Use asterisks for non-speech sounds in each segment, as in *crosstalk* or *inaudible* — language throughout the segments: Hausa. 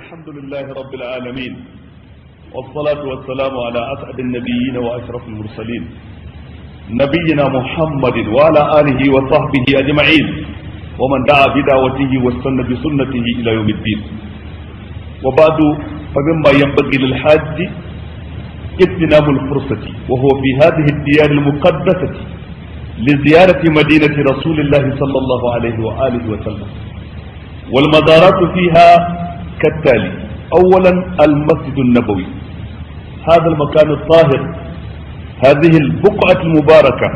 الحمد لله رب العالمين والصلاة والسلام على أسعد النبيين وأشرف المرسلين نبينا محمد وعلى آله وصحبه أجمعين ومن دعا بدعوته واستنى بسنته إلى يوم الدين وبعد فمما ينبغي للحاج اغتنام الفرصة وهو في هذه الديار المقدسة لزيارة مدينة رسول الله صلى الله عليه وآله وسلم والمزارات فيها كالتالي أولا المسجد النبوي هذا المكان الطاهر هذه البقعة المباركة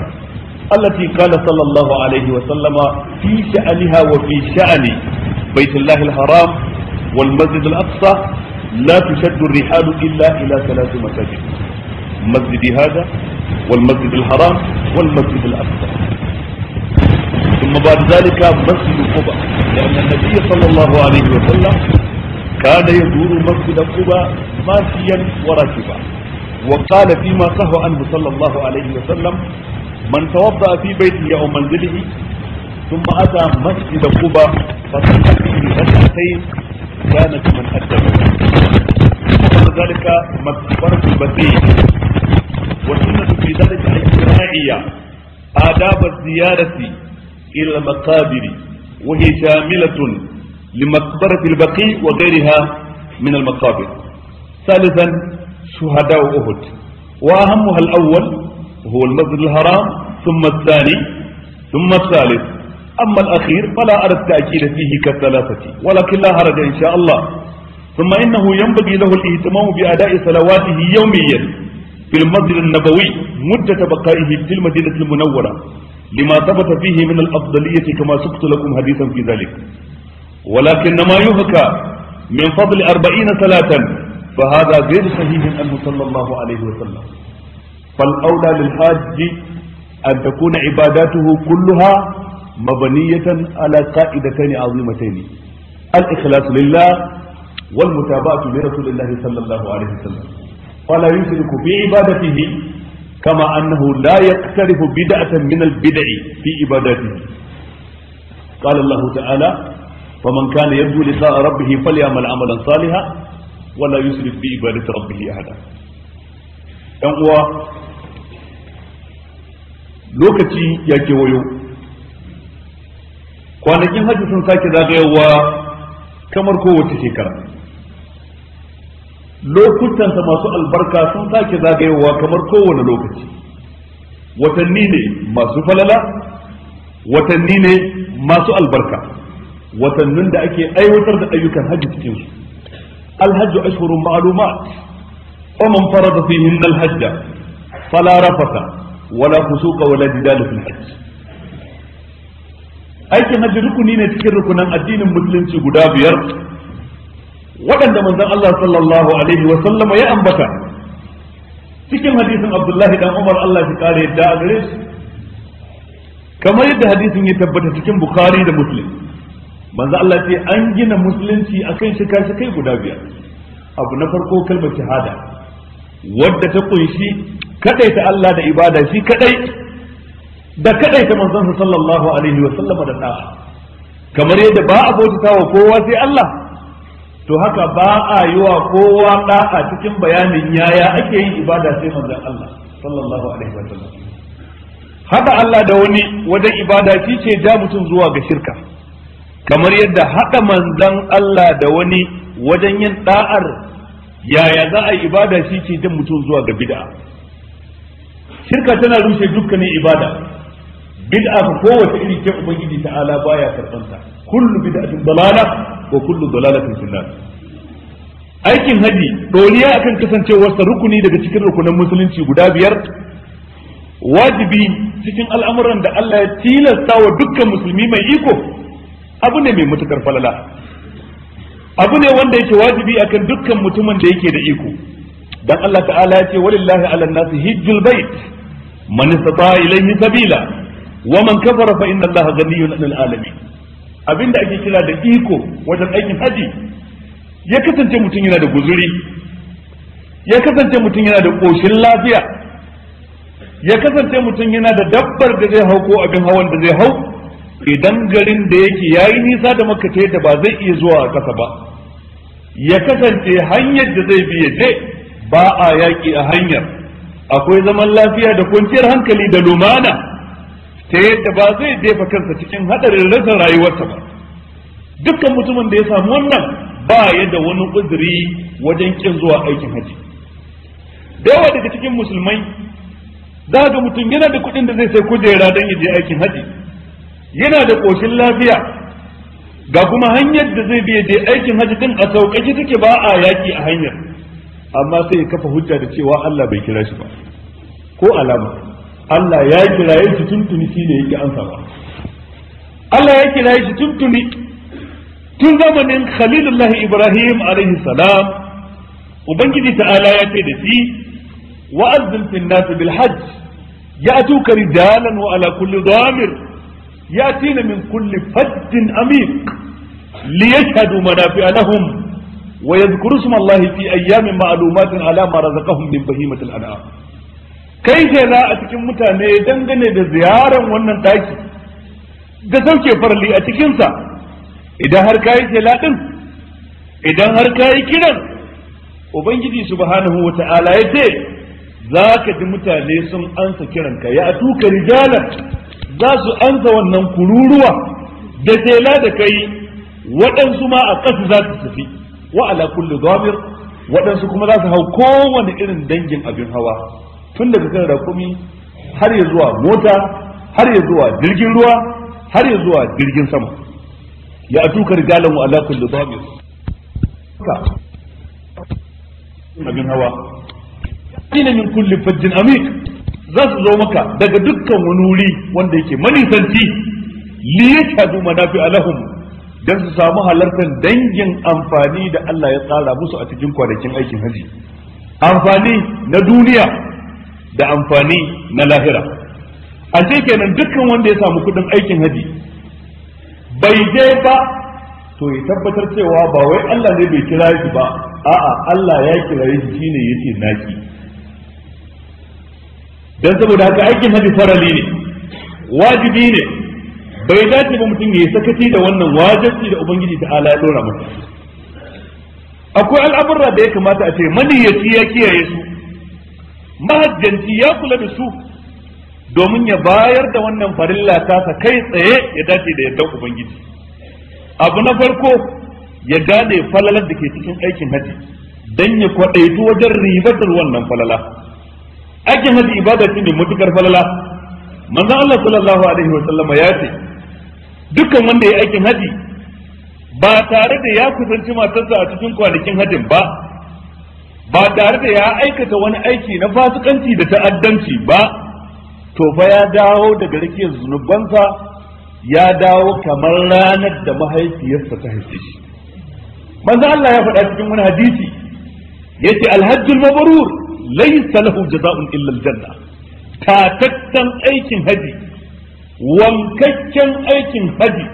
التي قال صلى الله عليه وسلم في شأنها وفي شأن بيت الله الحرام والمسجد الأقصى لا تشد الرحال إلا إلى ثلاث مساجد مسجد هذا والمسجد الحرام والمسجد الأقصى ثم بعد ذلك مسجد قباء لأن النبي صلى الله عليه وسلم كان يزور مسجد قباء ماشيا وراكبا وقال فيما صح عنه صلى الله عليه وسلم من توضأ في بيته أو منزله ثم أتى مسجد قباء فصلى فيه ركعتين كان كمن أتى ذلك مكبرة البتين والسنة في ذلك الاجتماعية آداب الزيارة إلى المقابر وهي شاملة لمقبرة البقيع وغيرها من المقابر ثالثا شهداء أهد وأهمها الأول هو المسجد الحرام ثم الثاني ثم الثالث أما الأخير فلا أرى التأكيد فيه كالثلاثة ولكن لا حرج إن شاء الله ثم إنه ينبغي له الاهتمام بأداء صلواته يوميا في المسجد النبوي مدة بقائه في المدينة المنورة لما ثبت فيه من الأفضلية كما سقت لكم حديثا في ذلك ولكن ما يهكى من فضل أربعين صلاة فهذا غير صحيح أنه صلى الله عليه وسلم فالأولى للحاج أن تكون عباداته كلها مبنية على قائدتين عظيمتين الإخلاص لله والمتابعة لرسول الله صلى الله عليه وسلم فلا يشرك بعبادته كما أنه لا يقترف بدعة من البدع في عبادته قال الله تعالى faman kana yarju liqa rabbih falyamal amalan salihan wala yusrif bi ibadati rabbih ahada dan uwa lokaci ya kewayo kwanakin hajji sun sake zagayowa kamar kowace shekara lokutansa masu albarka sun sake zagayowa kamar kowane lokaci watanni ne masu falala watanni ne masu albarka Wasannin da ake aiwatar da ayyukan hajji cikin su الحج أشهر معلومات ومن فرض فيهن الحج فلا رفث ولا فسوق ولا جدال في الحج aikin hajji rukuni ne cikin rukunin addinin musulunci guda biyar waɗanda manzon Allah sallallahu alaihi wa sallama ya ambata cikin hadisin Abdullahi dan Umar Allah shi kare yadda a gare shi kamar yadda hadisin ya tabbata cikin Bukhari da Muslim manzo Allah ce an gina musulunci akan shika kai guda biyar abu na farko kalmar shahada wadda ta kunshi kadai ta Allah da ibada shi kadai da kadai ta manzon sallallahu alaihi wa sallama da ta kamar yadda ba a bautata wa kowa sai Allah to haka ba a yi wa kowa da'a cikin bayanin yaya ake yin ibada sai manzon Allah sallallahu alaihi wa sallam hada Allah da wani wajen ibada shi ce ja mutum zuwa ga shirka kamar yadda haɗa manzan Allah da wani wajen yin ɗa'ar, yaya za a yi ibada shi ke jin mutum zuwa ga bid'a shirka tana rushe dukkanin ibada bid'a ko kowace iri ce ubangiji ala baya karɓanta kullu bid'atin dalala ko kullu dalalatin finnar aikin haji doriya akan kasancewarsa rukuni daga cikin rukunin musulunci guda biyar wajibi cikin al'amuran da Allah ya tilasta wa dukkan musulmi mai iko abu ne mai mutukar falala abu ne wanda yake wajibi akan dukkan mutumin da yake da iko dan Allah ta'ala ya ce walillahi ala nasi hijjul bait man istata ilayhi sabila wa man kafara fa inna Allah ghaniyyun 'anil alamin abinda ake kira da iko wajen aikin haji ya kasance mutum yana da guzuri ya kasance mutum yana da koshin lafiya ya kasance mutum yana da dabbar da zai hau ko abin hawan da zai hau idan garin da yake yayi nisa da maka ta yadda ba zai iya zuwa a kasa ba ya kasance hanyar da zai biya je ba a yaƙi a hanyar akwai zaman lafiya da kwanciyar hankali da lumana ta yadda ba zai jefa kansa cikin haɗarin rasa rayuwarsa ba dukkan mutumin da ya samu wannan ba ya da wani uzuri wajen ƙin zuwa aikin haji da yawa daga cikin musulmai za ga mutum yana da kuɗin da zai sai kujera don ya je aikin haji yana da ƙoshin lafiya ga kuma hanyar da zai biya dai aikin hajji din a sauƙaƙe take ba a yaƙi a hanyar amma sai ya kafa hujja da cewa Allah bai kira shi ba ko alama Allah ya kiraye shi tuntuni shine yake ansa ba Allah ya kiraye shi tuntuni tun zamanin Khalilullahi Ibrahim alaihi salam ubangiji ta'ala ya ce da shi wa'azzin fil nas bil hajj ya'tuka rijalan wa ala kulli damir ياتين من كل فج عميق ليشهدوا منافع لهم ويذكروا اسم الله في ايام معلومات على ما رزقهم من بهيمه الانعام kai shela a cikin mutane dangane da ziyarar wannan ɗaki da sauke farli a cikinsa idan har kayi shela ɗin, idan har kayi kiran ubangiji subhanahu wa ta'ala ya ce za ka ji mutane sun ansa kiranka ya tuka rijalar za su ansa wannan kururuwa da tela da kai waɗansu ma a ƙasa za su tafi wa ala kulli dhamir waɗansu kuma za su hau kowane irin dangin abin hawa tun daga kan rakumi har ya zuwa mota har ya zuwa jirgin ruwa har ya zuwa jirgin sama ya atuka rijalan wa ala kulli dhamir abin hawa ina min kulli fajjin amik za su zo maka daga dukkan wani wuri wanda yake manisanci li yashhadu manafi alahum dan su samu halartar dangin amfani da Allah ya tsara musu a cikin kwanakin aikin haji amfani na duniya da amfani na lahira a ce kenan dukkan wanda ya samu kudin aikin haji bai je ba to ya tabbatar cewa ba wai Allah ne bai kira shi ba a'a Allah ya kira shi shine yace naki dan saboda haka aikin haji farali ne wajibi ne bai dace ba mutum ya yi sakaci da wannan wajibi da ubangiji ta ala ya dora masa akwai al'amurra da ya kamata a ce maniyyaci ya kiyaye su mahajjanci ya kula da su domin ya bayar da wannan farilla tasa kai tsaye ya dace da yardar ubangiji abu na farko ya gane falalar da ke cikin aikin haji dan ya kwadaitu wajen ribatar wannan falala aikin haji ibada ce mai matukar falala manzo Allah sallallahu alaihi wa sallama ya ce dukkan wanda ya aikin haji ba tare da ya kusanci matarsa a cikin kwanakin hajin ba ba tare da ya aikata wani aiki na fasikanci da ta'addanci ba to fa ya dawo daga rikiyar zunubansa ya dawo kamar ranar da mahaifiyarsa ta haife shi manzo Allah ya faɗa cikin wani hadisi yace alhajjul mabrur laysa lahu jaza'un illa aljanna tatattan aikin haji wankakken aikin haji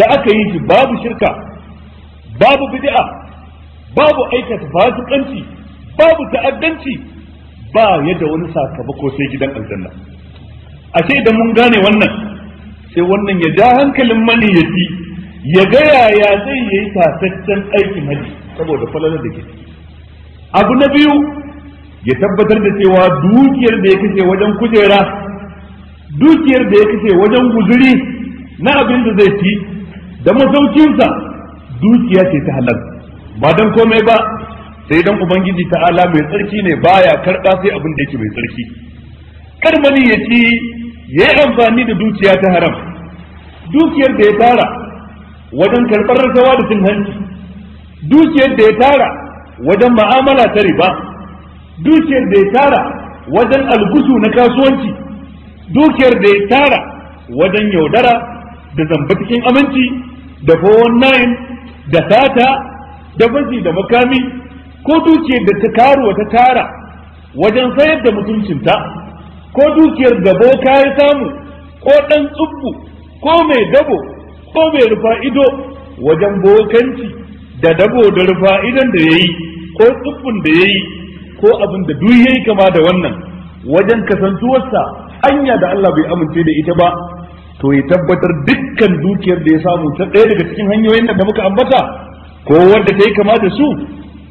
da aka yi shi babu shirka babu bid'a babu aikata fasikanci babu ta'addanci ba da wani sakamako sai gidan aljanna ashe idan mun gane wannan sai wannan ya ja hankalin maniyaci ya ga yaya zai yi tasaccen aikin haji saboda falalar da ke abu na biyu ya tabbatar da cewa dukiyar da ya kashe wajen kujera dukiyar da ya kashe wajen guzuri na abin da zai ci da masaukinsa dukiya ce ta halal ba don komai ba sai dan ubangiji ta'ala mai tsarki ne baya karɓa sai abin da yake mai tsarki kar ya ci ya yi amfani da dukiya ta haram dukiyar da ya tara wajen karɓar rasawa da cin hanci dukiyar da ya tara wajen ma'amala ta riba dukiyar da ya tara wajen algusu na kasuwanci dukiyar da ya tara wajen yaudara da zamba aminci da 419 da sata da fashi da makami ko dukiyar da ta karuwa ta tara wajen sayar da mutuncinta ko dukiyar da boka ya samu ko ɗan tsubbu ko mai dabo ko mai rufa ido wajen bokanci da dabo da rufa idan da ya yi ko tsubbun da ya yi ko abin da duk yayi kama da wannan wajen kasantuwarsa anya da Allah bai amince da ita ba to ya tabbatar dukkan dukiyar da ya samu ta ɗaya daga cikin hanyoyin da muka ambata ko wanda ta yi kama da su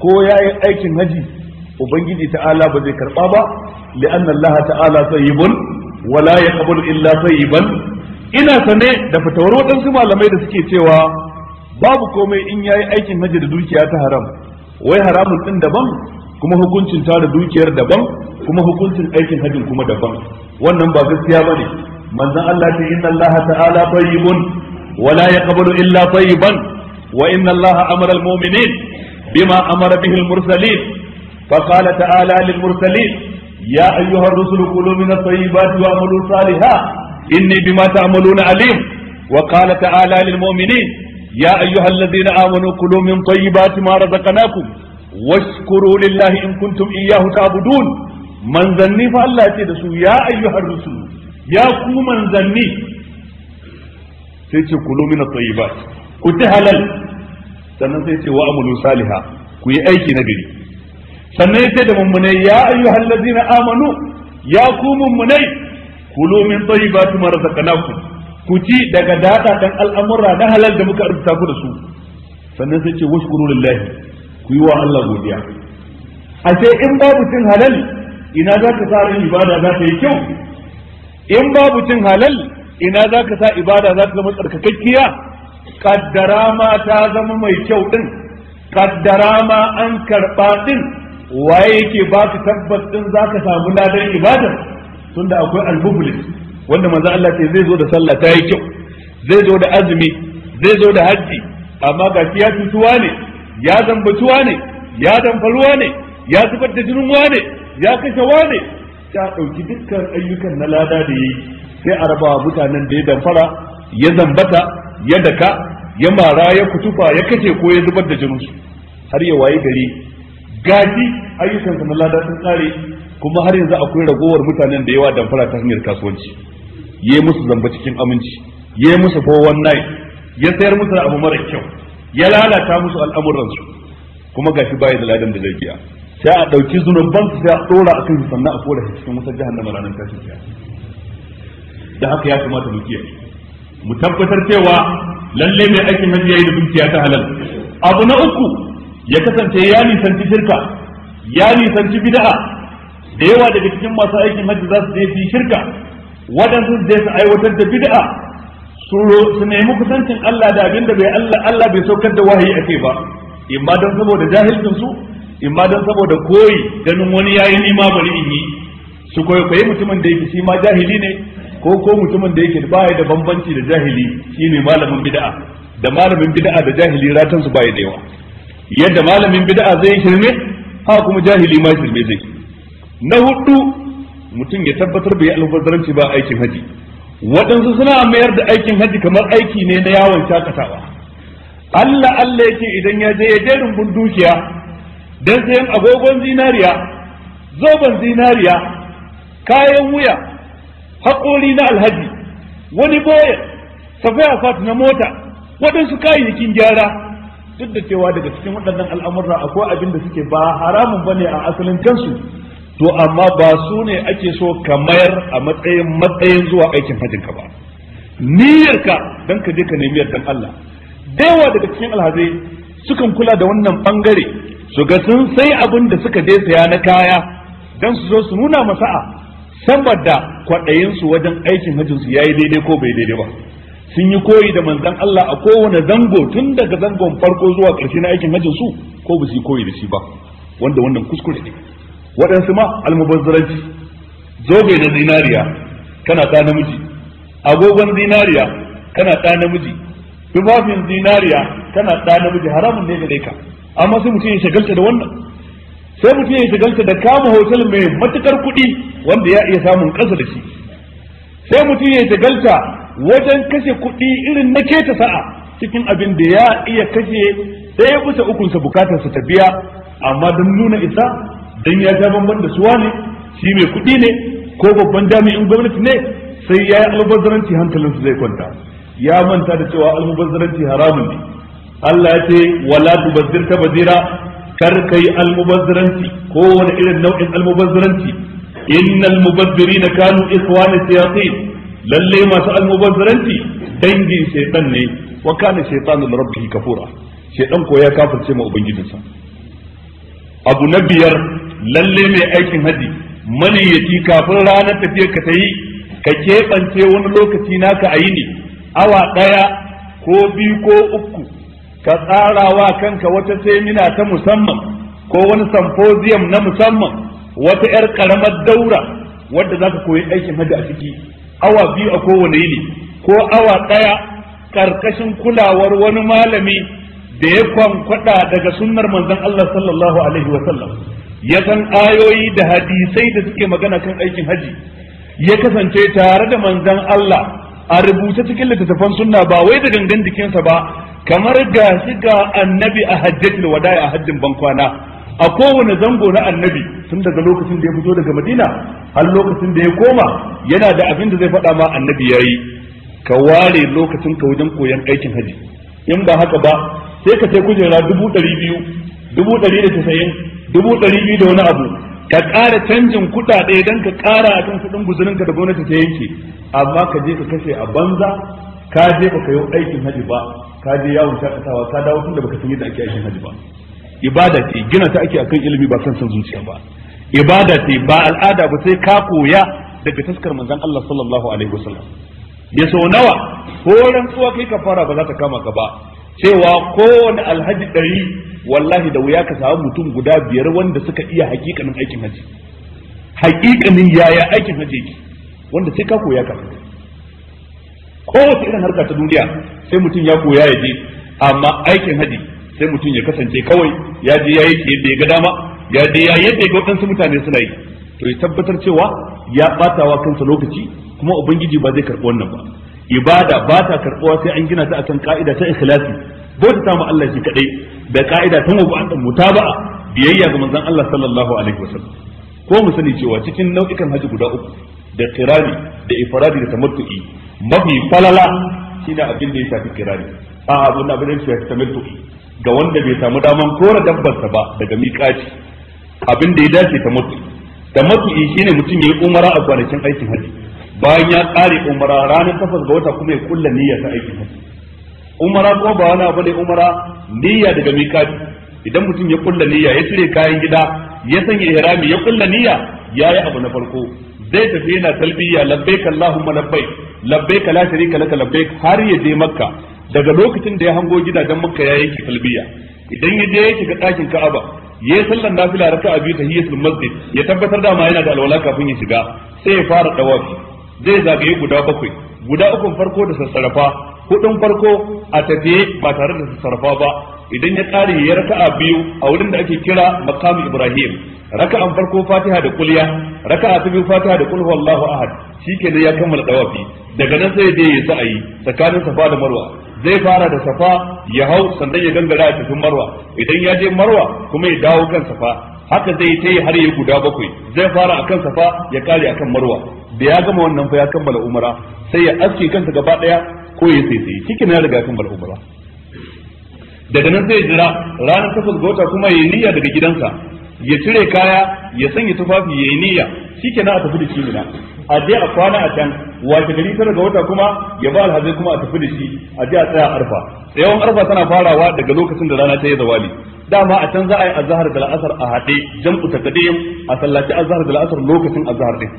ko ya yi aikin haji ubangiji ta'ala ba zai karba ba li'anna Allah ta'ala tayyibun wala yaqbalu illa tayyiban ina sane da fatawar waɗansu malamai da suke cewa babu komai in yayi aikin haji da dukiya ta haram wai haramun din daban kuma hukuncin tara dukiyar daban kuma hukuncin aikin hajjin kuma daban wannan ba gaskiya ba bane manzon Allah ce inna Allah ta'ala tayyibun wa la yaqbalu illa tayyiban wa inna Allah amara al-mu'minin bima amara bihi al-mursalin fa qala ta'ala lil-mursalin ya ayyuha ar-rusul kulu min at-tayyibati wa amalu salihan inni bima ta'maluna alim wa qala ta'ala lil-mu'minin ya ayyuha alladhina amanu kulu min tayyibati ma razaqnakum washkuru lahi in kuntum iyyahu ta'budun manzanni fa Allah ce da su ya ayyuhar rusul ya ku manzanni sai ce kulu min at-tayyibat ku ci halal sannan sai ce wa amalu ku yi aiki na gari sannan ya ce da mummunai ya ayyuhal ladzina amanu ya ku mummunai kulu min tayyibati ma razaqnakum ku ci daga dada dan al'amurra na halal da muka arzuta ku da su sannan sai ce washkuru lillahi ku yi wa Allah godiya a ce in babu cin halal ina za ka sa ran ibada za ta yi kyau in babu cin halal ina za ka sa ibada za ta zama tsarkakakkiya kaddara ma ta zama mai kyau din kaddara ma an karɓa din waye yake ba ka tabbas din za ka samu ladan ibada tunda akwai albubulis wanda manzo Allah ce zai zo da sallah ta yi kyau zai zo da azumi zai zo da hajji amma ga ya tutuwa ne ya zambatuwa ne ya damfaruwa ne ya zubar da jinin wane ya kashe wane ta ɗauki dukkan ayyukan na lada da yi sai a rabawa mutanen da ya damfara ya zambata ya daka ya mara ya kutufa ya kace, ko ya zubar da jininsu har ya waye gari gaji ayyukansa na lada sun tsare kuma har yanzu akwai ragowar mutanen da yawa damfara ta hanyar kasuwanci ya musu zamba cikin aminci ya musu 419 ya sayar musu abu mara kyau ya lalata musu al'amuransu kuma gashi baya da ladan da zai biya sai a ɗauki zunuban su sai a ɗora a kan sannan a kora cikin wutar jahannama ranar tashin kiya da haka ya kamata mu kiyaye mu tabbatar cewa lalle mai aikin hajji yayi da dukiya ta halal abu na uku ya kasance ya nisanci shirka ya nisanci bid'a da yawa daga cikin masu aikin hajji za su je shirka waɗansu su je su aiwatar da bid'a su nemi kusancin Allah da abinda bai Allah Allah bai saukar da wahayi akai ba in ma don saboda jahilcin su ma don saboda koyi ganin wani yayi ni ma bari in yi su koyi mutumin da yake shi ma jahili ne ko ko mutumin da yake baya da bambanci da jahili shine malamin bid'a da malamin bid'a da jahili ratan su baya da yawa yadda malamin bid'a zai shirme ha kuma jahili ma shirme zai na hudu mutum ya tabbatar bai alfazaranci ba aikin haji waɗansu suna mayar da aikin haji kamar aiki ne na yawon shakatawa Allah Allah yake idan ya je ya je rumbun dukiya dan sayan agogon zinariya zoben zinariya kayan wuya haƙori na alhaji wani boyar safiya fat na mota waɗansu kayayyakin gyara duk da cewa daga cikin waɗannan al'amurra akwai abin da suke ba haramun ba ne a asalin kansu to amma ba su ne ake so ka mayar a matsayin matsayin zuwa aikin hajjin ka ba niyyarka dan ka je ka nemi yardan Allah dawa daga cikin alhazai sukan kula da wannan bangare su ga sun sai abin da suka je saya na kaya dan su zo su nuna masa'a saboda kwaɗayin su wajen aikin hajjin su yayi daidai ko bai daidai ba sun yi koyi da manzon Allah a kowane zango tun daga zangon farko zuwa ƙarshe na aikin hajjin su ko ba su yi koyi da shi ba wanda wannan kuskure ne waɗansu ma almubazzaranci zobe na zinariya kana ɗa namiji agogon zinariya kana ɗa namiji tufafin zinariya kana ɗa namiji haramun ne gare ka amma sai mutum ya shagalta da wannan sai mutum ya shagalta da kama hotel mai matukar kuɗi wanda ya iya samun ƙasa da shi sai mutum ya shagalta wajen kashe kuɗi irin na keta sa'a cikin abin da ya iya kashe ɗaya bisa ukunsa bukatarsa ta biya amma don nuna isa dan ya ta bamban da suwa ne shi mai kuɗi ne ko babban jami'in gwamnati ne sai ya yi almubazzaranci hankalinsu zai kwanta ya manta da cewa almubazzaranci haramun ne Allah ya ce wala tubazzir bazira, kar kai almubazzaranci ko wani irin nau'in almubazzaranci innal na kanu ikhwana shayatin lalle masu almubazzaranci dangin shaytan ne wa kana shaytanu kafura shaytan ko ya kafirce ma ubangijinsa abu na biyar lalle mai aikin haji maniyyaci kafin ranar tafiya ka ta yi ka keɓance wani lokaci naka a yi ne awa ɗaya ko biyu ko uku ka tsara wa kanka wata semina ta musamman ko wani samfoziyam na musamman wata 'yar ƙaramar daura wadda za ka koyi aikin haji a ciki awa biyu a kowane yini ko awa ɗaya ƙarƙashin kulawar wani malami da ya kwankwada daga sunnar manzon Allah sallallahu alaihi wa sallam ya san ayoyi da hadisai da suke magana kan aikin haji ya kasance tare da manzan Allah a rubuce cikin littattafan sunna ba wai da gangan jikinsa ba kamar ga shi ga annabi a hajjatul wada'i a hajjin bankwana a kowane zango na annabi tun daga lokacin da ya fito daga madina har lokacin da ya koma yana da abin da zai faɗa ma annabi yayi ka ware lokacin ka wajen koyon aikin haji in ba haka ba sai ka sai kujera dubu ɗari biyu dubu ɗari da tasa'in dubu ɗari biyu da wani abu ka ƙara canjin kuɗaɗe don ka ƙara a kan kuɗin guzurinka da gwamnati ta yanke amma ka je ka kashe a banza ka je ka yi aikin haji ba ka je yawon shakatawa ka dawo tun da baka san yadda ake aikin haji ba ibada ce gina ta ake akan ilimi ba kan san zuciya ba ibada ce ba al'ada ba sai ka koya daga taskar manzon Allah sallallahu alaihi wasallam ya sau nawa ko tsuwa kai kafara ba za ta kama ka ba cewa kowane alhaji ɗari wallahi da wuya ka samu mutum guda biyar wanda suka iya hakikanin aikin haji hakikanin yaya aikin haji yake wanda sai ka koya kafin kowace irin harka ta duniya sai mutum ya koya ya je amma aikin haji sai mutum ya kasance kawai ya je ya yi yadda ya ga dama ya je ya yadda ya ga waɗansu mutane suna yi to ya tabbatar cewa ya wa kansa lokaci kuma ubangiji ba zai karɓi wannan ba ibada ba ta karɓuwa sai an gina ta akan ka'ida ta ikhlasi bauta ma Allah shi kadai da ka'ida tun ta ba'a biyayya ga manzon Allah sallallahu alaihi wasallam ko mu sani cewa cikin nau'ikan haji guda uku da kirani da ifradi da tamattu'i mafi falala shine abin da ya shafi kirani a abin da ya shafi tamattu'i ga wanda bai samu daman kora dabbarsa ba daga miƙaci abin da ya dace tamattu'i tamattu'i shine mutum ya yi umara a kwanakin aikin haji bayan ya kare umara ranar takwas ga wata kuma ya kulla niyyar ta aikin haji umara ko ba wani abu ne umara niyya daga mikati idan mutum ya kulla niyya ya cire kayan gida ya sanya ihrami ya kulla niyya yayi abu na farko zai tafi yana talbiya labbaik allahumma labbaik labbaik la sharika laka labbaik har ya je makka daga lokacin da ya hango gidajen makka ya yi talbiya idan ya je ya shiga ɗakin ka'aba ya sallan sallar nafila raka'a biyu tahiyatul masjid ya tabbatar da ma yana da alwala kafin ya shiga sai ya fara tawafi zai zagaye guda bakwai guda ukun farko da sassarafa Kuɗin farko a tafiye ba tare da sarfa ba idan ya kare ya raka'a biyu a wurin da ake kira makamu ibrahim raka'an farko fatiha da kulya raka'a ta biyu fatiha da kulhu wallahu ahad shikenan ya kammala dawafi daga nan sai dai ya sa'ayi tsakanin safa da marwa zai fara da safa ya hau sannan ya gangara a cikin marwa idan ya je marwa kuma ya dawo kan safa haka zai ta yi har ya guda bakwai zai fara a kansa safa ya kare akan marwa da ya gama wannan fa ya kammala umara sai ya aske kansa gaba daya ko ya sai sai cikin ya riga kammala umara daga nan zai jira ranar takwas ga wata kuma ya niyya daga gidansa ya cire kaya ya sanya tufafi ya yi niyya shikenan a tafi da shi mina a je a kwana a can wace gari tara ga wata kuma ya ba alhazai kuma a tafi da shi a je a tsaya arfa tsayawan arfa tana farawa daga lokacin da rana ta yi zawali dama a can za a yi azhar da al'asar a haɗe jam'u taqdim a sallaci azhar da al'asar lokacin azhar din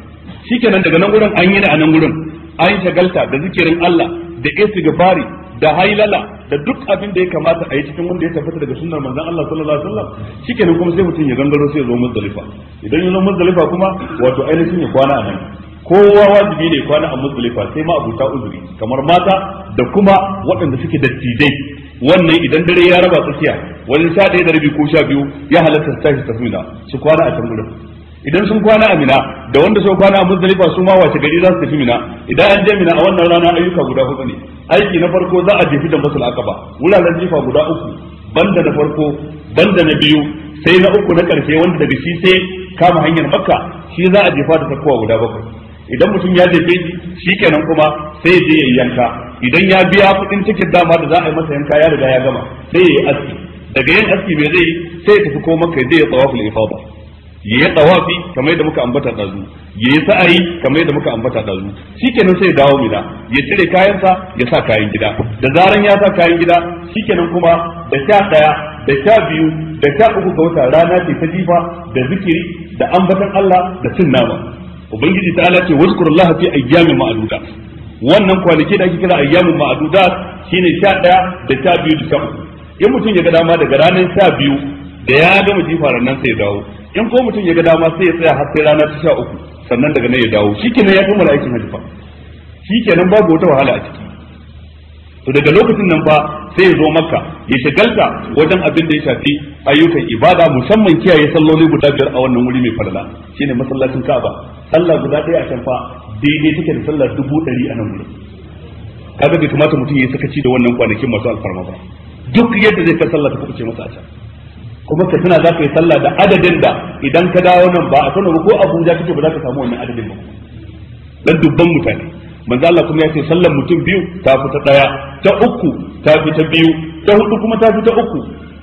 shikenan daga nan gurin an yi ne a nan gurin an shagalta da zikirin Allah da istighfari da hailala da duk abin da ya kamata a yi cikin wanda ya tabbata daga sunnar manzon Allah sallallahu alaihi wasallam shikenan kuma sai mutum ya gangaro sai ya zo muzdalifa idan ya zo muzdalifa kuma wato ainihin ya kwana a nan kowa wajibi ne kwana a muzdalifa sai ma abuta uzuri kamar mata da kuma waɗanda suke dattijai wannan idan dare ya raba tsakiya wani sha ɗaya da rabi ko sha biyu ya halatta su tashi tafi mina su kwana a can gurin idan sun kwana a mina da wanda sun kwana a muzdalifa su ma wace gari za su tafi mina idan an je mina a wannan rana ayyuka guda hudu ne aiki na farko za a jefi da masul akaba wuraren jifa guda uku banda na farko banda na biyu sai na uku na ƙarshe, wanda daga shi sai kama hanyar makka shi za a jefa da farkowa guda bakwai idan mutum ya jefe shi kenan kuma sai je ya yanka idan ya biya kuɗin cikin dama da za a yi masa yanka ya riga ya gama sai ya yi aski daga yin aski mai zai sai ya tafi ko maka zai ya tsawaful ifada ya yi tsawafi kamar yadda muka ambata ɗazu ya yi sa'ayi kamar yadda muka ambata ɗazu shikenan sai ya dawo gida ya cire kayansa ya sa kayan gida da zaran ya sa kayan gida shikenan kuma da sha ɗaya da sha biyu da sha uku ga wata rana ce ta jifa da zikiri da ambatan Allah da cin nama ubangiji ta ce wasu kurallaha fi ayyamin ma'aduta wannan kwanaki da ake kira ayyamun ma'adudat shine 11 da 12 da 13 in mutum ya ga dama daga ranar 12 da ya gama jifa nan sai ya dawo in ko mutum ya ga dama sai ya tsaya har sai rana ta 13 sannan daga nan ya dawo shikenan ya kammala aikin hajji fa shikenan babu wata wahala a ciki to daga lokacin nan fa sai ya zo makka ya shagalta wajen abin da ya shafi ayyukan ibada musamman kiyaye salloli guda biyar a wannan wuri mai farla shine masallacin ka'aba sallah guda ɗaya a can fa daidai take da sallah dubu ɗari a nan Ka ga bai kamata mutum ya sakaci da wannan kwanakin masu alfarma ba duk yadda zai kai sallah ta kuɓuce masa a can kuma ka tana za ka yi sallah da adadin da idan ka dawo nan ba a ba ko abuja kake ba za ka samu wannan adadin ba dan dubban mutane manzo Allah kuma ya ce sallar mutum biyu ta fi ta daya ta uku ta fi ta biyu ta hudu kuma ta fi ta uku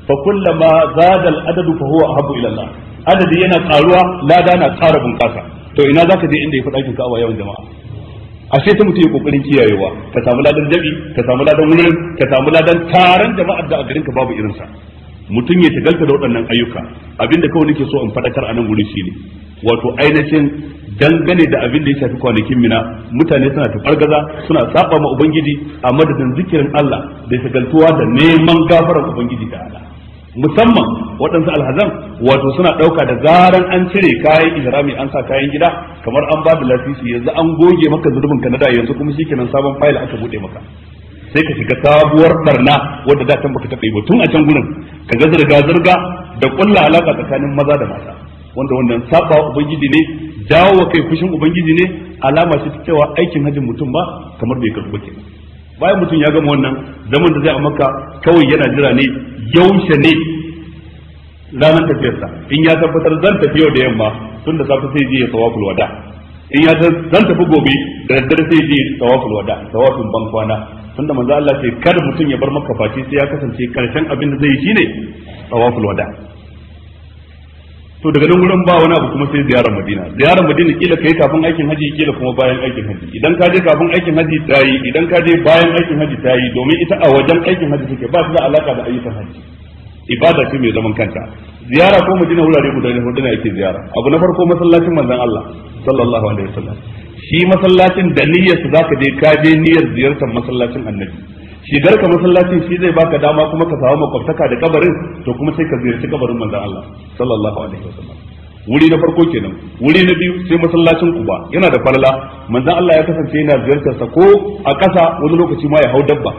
fa kullama zada al adadu fa huwa ahabbu ila Allah adadi yana karuwa lada na ƙara bunƙasa to ina zaka je inda ya faɗa ka a yawan jama'a ashe ta mutum ya kokarin kiyayewa ka samu ladan jabi ka samu ladan wurin ka samu ladan taron jama'ar da a garin ka babu irin sa mutum ya shagalta da waɗannan ayyuka abin da kawai nake so in faɗakar a nan gurin shine wato ainihin dangane da abin da ya shafi kwanakin mina mutane suna tafargaza suna saba ma ubangiji a madadin zikirin Allah da shagaltuwa da neman gafarar ubangiji ta Allah musamman waɗansu alhazan wato suna ɗauka da zaran an cire kayan ihrami an sa kayan gida kamar an ba da lafisi yanzu an goge maka zurbin ka na da yanzu kuma shikenan sabon fayil aka buɗe maka sai ka shiga sabuwar barna wadda da can baka taɓa ba tun a can gurin ka ga zirga zirga da ƙulla alaka tsakanin maza da mata wanda wannan saba ubangiji ne jawo kai fushin ubangiji ne alama ce ta cewa aikin hajjin mutum ba kamar bai karɓi kenan bayan mutum ya gama wannan zaman da zai a maka kawai yana jira ne yaushe ne ranar tafiyarsa in ya tabbatar zan tafi yau da yamma tun da safe sai je ya tawaful wada in ya zan tafi gobe da daddare sai je tawaful wada tawafin ban kwana tun da manzo Allah ce kada mutum ya bar maka face sai ya kasance karshen abin da zai yi shine tawaful wada to daga nan gurin ba wani abu kuma sai ziyarar madina ziyarar madina kila kai kafin aikin haji kila kuma bayan aikin haji idan ka je kafin aikin haji ta yi idan ka je bayan aikin haji ta yi domin ita a wajen aikin haji take ba ta da alaka da ayyukan haji ibada ce mai zaman kanta ziyara ko madina wurare guda ne hudu ne ake ziyara abu na farko masallacin manzon Allah sallallahu alaihi wasallam shi masallacin da niyyar su zaka je ka je niyyar ziyartar masallacin annabi shigar ka masallacin shi zai baka dama kuma ka samu makwabtaka da kabarin to kuma sai ka ziyarci kabarin manzon Allah sallallahu alaihi wasallam wuri na farko kenan wuri na biyu sai masallacin kuba yana da falala manzon Allah ya kasance yana ziyartar sa ko a ƙasa wani lokaci ma ya hau dabba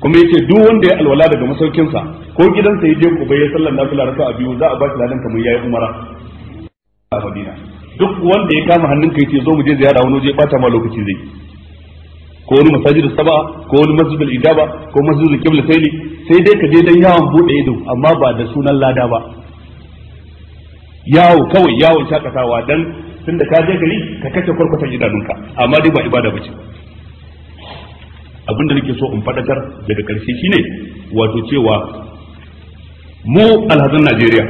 kuma yace duk wanda ya alwala daga masaukin sa ko gidansa ya je Quba ya sallar nafila a biyu za a ba shi ladan kamar yayi umara a Madina duk wanda ya kama hannunka yace zo mu je ziyara wani je bata ma lokaci zai ko wani masajidu saba ko wani masjidul idaba ko masjidul kibla sai dai ka je dan yawon bude ido amma ba da sunan lada ba yawo kawai yawon shakatawa dan tunda ka je gari ka kace kwarkwatan idanunka amma dai ba ibada bace abinda nake so in fadakar daga karshe shine wato cewa mu alhazan Najeriya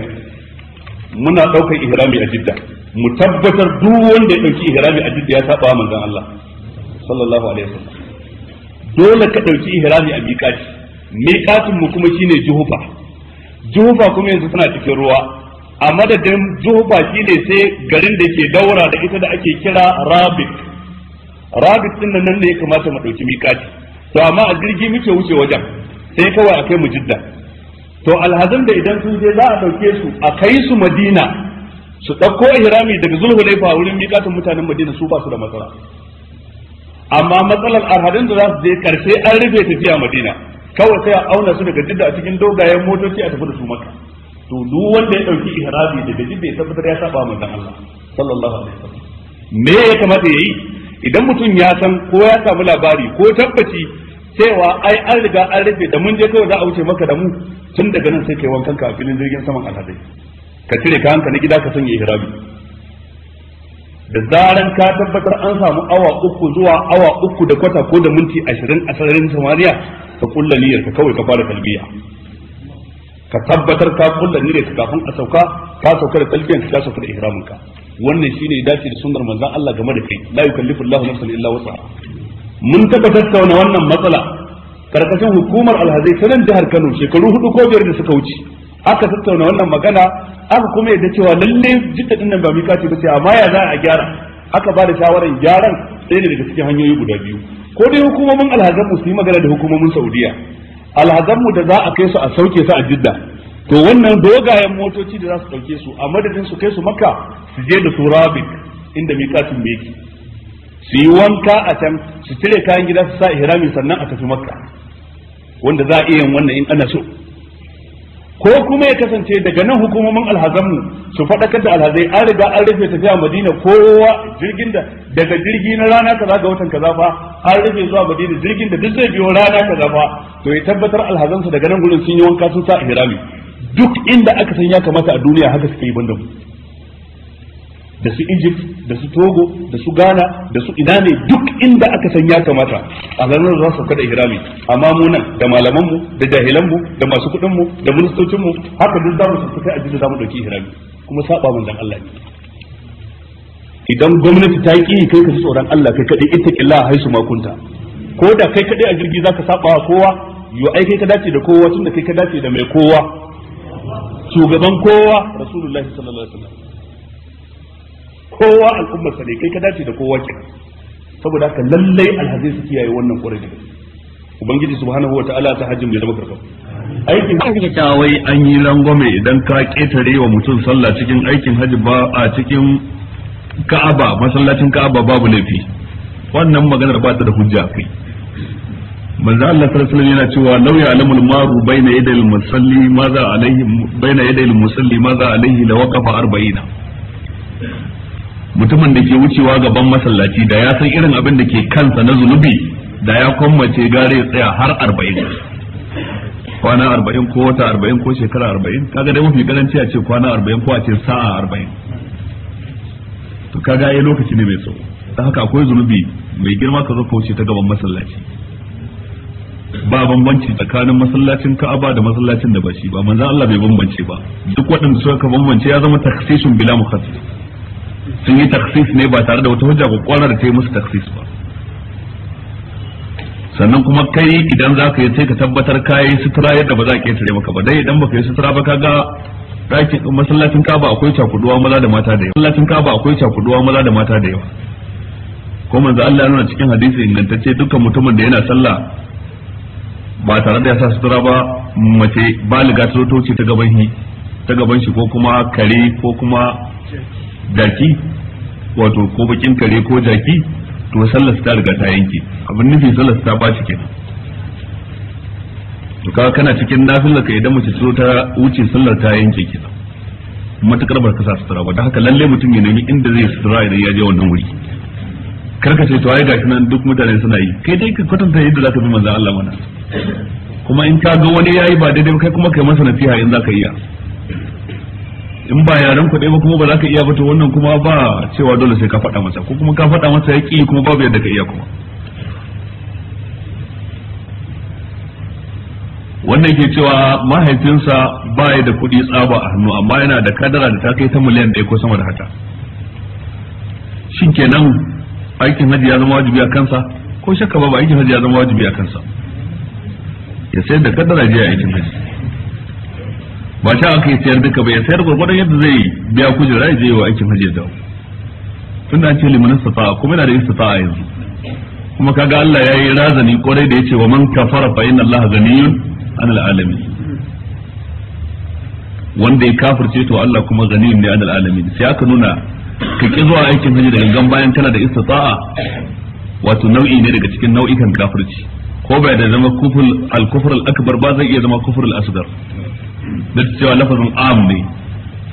muna daukar ihrami a Jidda mu tabbatar duk wanda ya dauki ihrami a Jidda ya saba manzon Allah sallallahu alaihi wasallam dole ka dauki ihrami a miqati miqatin mu kuma shine juhufa juhufa kuma yanzu tana cikin ruwa a madadin juhufa shine sai garin da ke daura da ita da ake kira rabit rabit din nan ne ya kamata mu dauki miqati to amma a jirgi muke wuce wajen sai kawai akai mu jidda to alhazan da idan sun je za a dauke su a kai su madina su dauko ihrami daga zulhulaifa wurin miƙatin mutanen madina su ba su da matsala amma matsalar arhadin da za su je karshe an rufe tafiya madina kawai sai a auna su daga jidda a cikin dogayen motoci a tafi da su maka to duk wanda ya dauki ihrabi daga jidda ya tabbatar ya saba manzon Allah sallallahu alaihi wasallam me ya kamata yayi idan mutum ya san ko ya samu labari ko tabbaci cewa ai an riga an rufe da mun je kawai za a wuce maka da mu tun daga nan sai kai wankan ka a filin jirgin saman alhadai ka cire ka hanka na gida ka sanya ihrabi da zaran ka tabbatar an samu awa uku zuwa awa uku da kwata ko da minti ashirin a sararin samariya ka kulla niyyar ka kawai ka fara talbiya ka tabbatar ka kulla niyyar ka kafin a sauka ka sauka da talbiyan ka sauka da ihramin ka wannan shine dace da sunnar manzon Allah game da kai la yukallifu Allahu nafsan illa wus'aha mun taba tattauna wannan matsala karkashin hukumar alhazai ta nan jihar Kano shekaru hudu ko biyar da suka wuce aka tattauna wannan magana aka kuma yadda cewa lalle jidda din nan ba mika ce bace amma ya za a gyara aka ba da shawaran gyaran sai ne daga cikin hanyoyi guda biyu ko dai hukumomin alhazan su yi magana da hukumomin saudiya mu da za a kai su a sauke su a jidda to wannan dogayen motoci da za su dauke su a madadin su kai su makka su je da su rabik inda miƙatin me yake su yi wanka a can su cire kayan gida su sa ihrami sannan a tafi makka wanda za a iya yin wannan in ana so ko kuma ya kasance daga nan hukumomin alhazanmu su faɗakar da alhazai an riga an rufe tafiya madina kowa jirgin da daga jirgi na rana kaza ga watan kaza fa an rufe zuwa madina jirgin da duk zai biyo rana kaza fa to ya tabbatar alhazansu daga nan gurin sun yi wanka sun sa ihrami duk inda aka san ya kamata a duniya haka suke yi banda da su Egypt da su Togo da su Ghana da su ina ne duk inda aka san ya kamata a ranar za su kada ihrami amma mu nan da malaman mu da jahilan mu da masu kuɗin mu da ministocin mu haka duk zamu su kai ajin da zamu dauki ihrami kuma saba dan Allah ne idan gwamnati ta ki kai ka tsoron Allah kai kadai ittaqillah haisu makunta ko da kai kadai a jirgi zaka saba wa kowa yo ai kai ka dace da kowa tunda kai ka dace da mai kowa shugaban kowa rasulullahi sallallahu alaihi wasallam kowa al'ummar sa ne kai ka dace da kowa kenan saboda haka lallai alhazai su kiyaye wannan kwarai da ubangiji subhanahu wataala ta hajjin ya zama karfa aikin hajji ta wai an yi rangwame idan ka ketare wa mutum sallah cikin aikin hajji ba a cikin ka'aba masallacin ka'aba babu laifi wannan maganar ba ta da hujja kai manzo Allah sallallahu alaihi yana cewa law ya'lamul maru baina yadayil musalli maza alaihi bayna yadayil musalli maza alaihi la waqafa mutumin da ke wucewa gaban masallaci da ya san irin abin da ke kansa na zunubi da ya kwammace gare tsaya har arba'in kwana arba'in ko wata arba'in ko shekara arba'in kaga dai mafi karanci a ce kwana arba'in ko a ce sa'a arba'in to kaga ya lokaci ne mai tsawo ta haka akwai zunubi mai girma ka zo ka wuce ta gaban masallaci ba bambanci tsakanin masallacin Ka'aba da masallacin da ba shi ba manzo Allah bai bambance ba duk waɗanda suka bambance ya zama takhsisun bila mukhassis sun yi taksis ne ba tare da wata hujja ba kwarar da ta yi musu taksis ba sannan kuma kai idan za ka yi sai ka tabbatar ka yi sutura yadda ba za ka yi maka ba dai idan baka yi sutura ba ga ɗakin masallacin kaba akwai cakuduwa maza da mata da yawa masallacin kaba akwai cakuduwa maza da mata da yawa ko manzo Allah ya nuna cikin hadisi ingantacce dukkan mutumin da yana sallah ba tare da ya sa sutura ba mace baliga ta zo ta wuce ta gaban shi ta gaban shi ko kuma kare ko kuma jaki wato ko bakin kare ko jaki to sallasta ta riga ta yanke abin nufin sallasta ta ba cikin to kaga kana cikin nafilar ka idan mace so ta wuce sallar ta yanke kina matukar barka sa sutura ba da haka lalle mutum ya nemi inda zai sutura idan ya je wannan wuri karka ce to ai gashi nan duk mutane suna yi kai dai ka kwatanta yadda zaka bi manzo Allah mana kuma in ka ga wani yayi ba daidai kai kuma kai masa nasiha in zaka yi. in ba yaren ku ba kuma ba za ka iya ba wannan kuma ba cewa dole sai ka faɗa masa ko kuma ka faɗa masa ya ƙi kuma babu yadda ka iya kuma wannan ke cewa mahaifinsa ba ya da kuɗi tsaba a hannu amma yana da kadara da ta kai ta miliyan ɗaya ko sama da haka shin kenan aikin hajji ya zama wajibi a kansa ko shakka ba aikin hajji ya zama wajibi a kansa ya sayar da kadara jiya aikin hajji ba ta aka yi sayar duka ba ya sayar gwargwadon yadda zai biya kujera ya yi wa aikin hajji dawo tun da an ce limanin safa'a kuma yana da a yanzu kuma kaga Allah ya yi razani kwarai da ya ce wa man kafara fa inna Allah ganiyun an alalami wanda ya kafirce to Allah kuma ganiyun ne an alalami sai aka nuna ka ki zuwa aikin hajji da gangan bayan tana da istifa'a wato nau'i ne daga cikin nau'ikan kafirci ko bai da zama kufur al-kufr al-akbar ba zai iya zama kufur al-asghar duk cewa lafazin am ne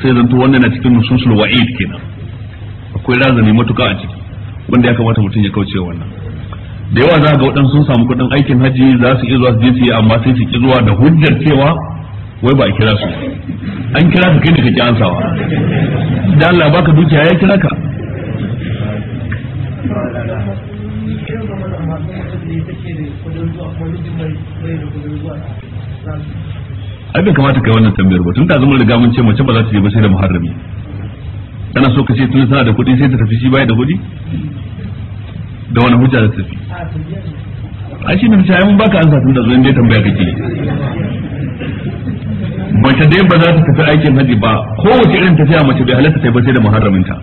sai zanto wannan na cikin nususul wa'id kenan akwai razani matuka a ciki wanda ya kamata mutum ya kauce wannan da yawa za ga waɗansu sun samu kuɗin aikin hajji za su iya zuwa su je su yi amma sai su ki zuwa da hujjar cewa wai ba a kira su an kira su kai ne kake ansawa da Allah baka dukiya ya kira ka Thank you. ai bai kamata kai wannan tambayar ba tun da zama riga mun ce mace ba za ta je ba sai da muharrami kana so ka ce tun tana da kuɗi sai ta tafi shi baya da kuɗi da wani hujja da tafi a shi ne sai mun baka ansa tun da zo inda tambaya kake mace dai ba za ta tafi aikin haji ba ko wace irin tafiya mace bai halatta ta ba sai da muharraminta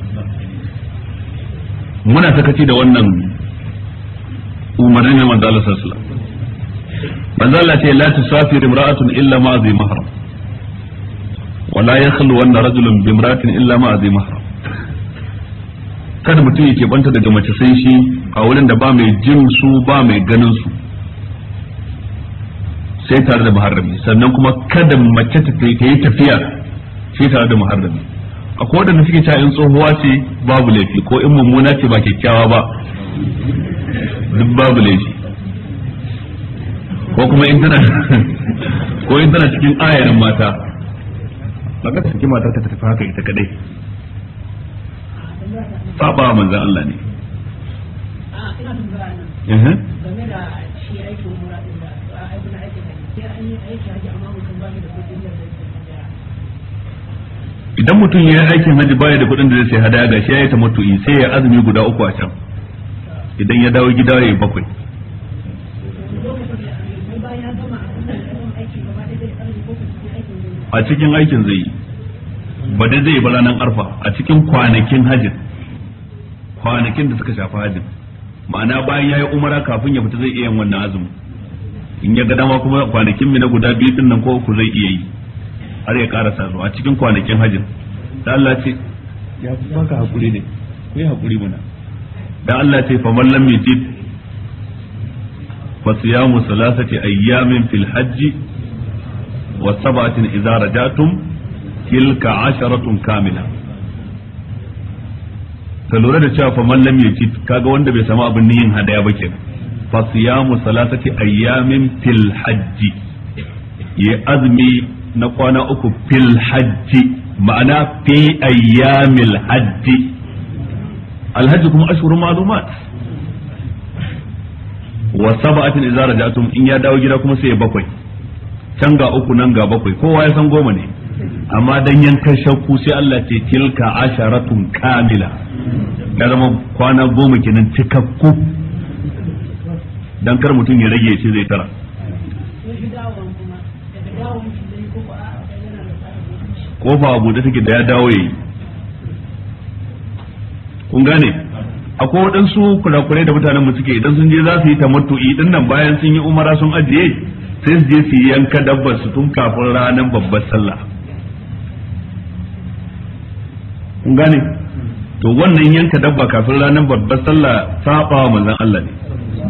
muna sakaci da wannan umarnin manzo Allah sallallahu alaihi wasallam manzo Allah ce la tusafir imra'atun illa ma zai mahram wala yakhlu wanna rajulun bi imra'atin illa ma zai mahram kada mutum yake banta daga mace sai shi a wurin da ba mai jin su ba mai ganin su sai tare da muharrami sannan kuma kada mace ta yi tafiya sai tare da muharrami a kowanne suke cewa in tsohuwa ce babu laifi ko in mummuna ce ba kyakkyawa ba duk babu laifi ko kuma in tana ko in tana cikin ayarin mata baka cikin matar ta tafi haka ita kadai saba manzo Allah ne idan mutum ya yi aikin hajji baya da kuɗin da zai sai hadaya ga shi ya yi ta mutu'i sai ya azumi guda uku a can idan ya dawo gida ya yi bakwai a cikin aikin zai yi ba dai zai yi ba ranar arfa a cikin kwanakin hajjin kwanakin da suka shafi hajjin ma'ana bayan ya yi umara kafin ya fita zai iya yin wannan azumi in ya ga dama kuma kwanakin na guda biyu din nan ko uku zai iya yi har ya karasa su a cikin kwanakin hajjin da Allah ce ya baka hakuri ne ku yi hakuri muna da Allah ce faman lam yajid fa siyamu salasati ayyamin fil hajji wa sab'atin idza rajatum tilka asharatun kamila ka lura da cewa fa ya ci yajid kaga wanda bai samu abin yin hadaya ba kenan fa siyamu salatati ayyamin fil ya azmi na kwana uku fil ma'ana fi ayyamil hajji kuma ashhurun ma'lumat in ya dawo gida kuma sai bakwai can ga uku nan ga bakwai kowa ya san goma ne amma dan yankan shakku sai Allah ce tilka asharatun kamila da zama kwana goma kenan cikakku dan kar mutum ya rage shi zai tara kofa a da take da ya dawo yayi kun gane akwai waɗansu kurakurai da mutanen mu suke idan sun je za su yi tamattu'i idan nan bayan sun yi umara sun ajiye sai su je su yanka dabbar su tun kafin ranar babbar sallah kun gane to wannan yanka dabba kafin ranar babbar sallah saba wa manzon Allah ne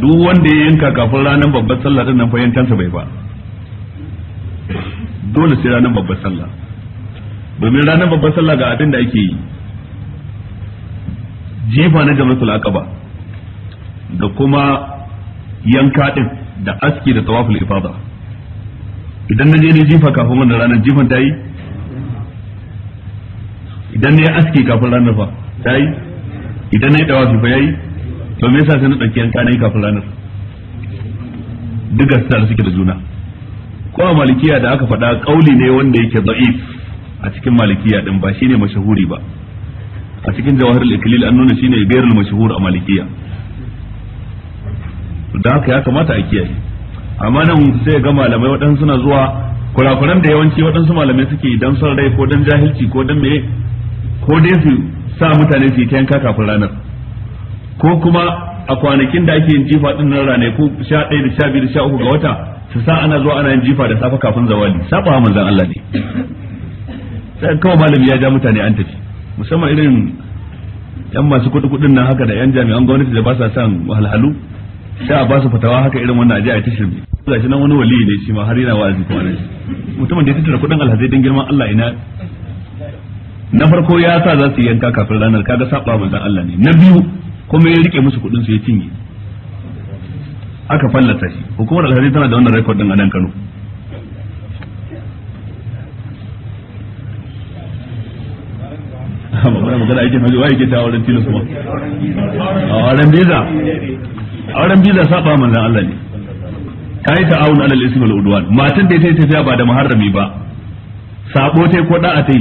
duk wanda ya yanka kafin ranar babbar sallah din nan fa bai ba dole sai ranar babbar sallah domin ranar babbar sallah ga abin da ake yi jifa na jama'a aqaba da kuma yanka din da aski da tawaful ifada idan na je ne jifa kafin wannan ranar jifan ta yi idan na yi aski kafin ranar fa ta yi idan na yi tawafi fa yayi to me yasa sai na dauki yanka kanai kafin ranar duka da suke da juna ko a malikiya da aka faɗa kauli ne wanda yake da'if a cikin malikiya din ba shine mashahuri ba a cikin jawahar ikhlil an nuna shine bayrul mashhur a malikiya da haka ya kamata a kiyaye amma nan sai ga malamai waɗansu suna zuwa kurakuran da yawanci waɗansu malamai suke dan son rai ko dan jahilci ko dan me ko dai su sa mutane su yi ta yanka kafin ranar ko kuma a kwanakin da ake yin jifa din nan rane ko sha ɗaya da sha biyu da sha uku ga wata su sa ana zuwa ana yin jifa da safa kafin zawali saba manzon Allah ne sai kawai malami ya ja mutane an tafi musamman irin yan masu kuɗi kuɗin nan haka da yan jami'an gwamnati da ba sa son wahalhalu sai a ba su fatawa haka irin wannan aje a ta shirme shi nan wani wali ne shi ma har yana wa'azi kuma nan mutumin da ya tattara kudin alhazai don girman Allah ina na farko ya sa za su yanka kafin ranar kaga saba manzon Allah ne na biyu kuma ya rike musu kudin su ya cinye aka fallata shi hukumar alhazai tana da wannan record din a nan Kano *laughs* ba ba magana aikin hajji wa yake ta wurin tilas kuma a wurin biza auren biza saba manzon Allah ne ta yi ta'awun alal ismi wal udwan matan da ta tafiya ba da muharrami ba sabo tai ko da'a tai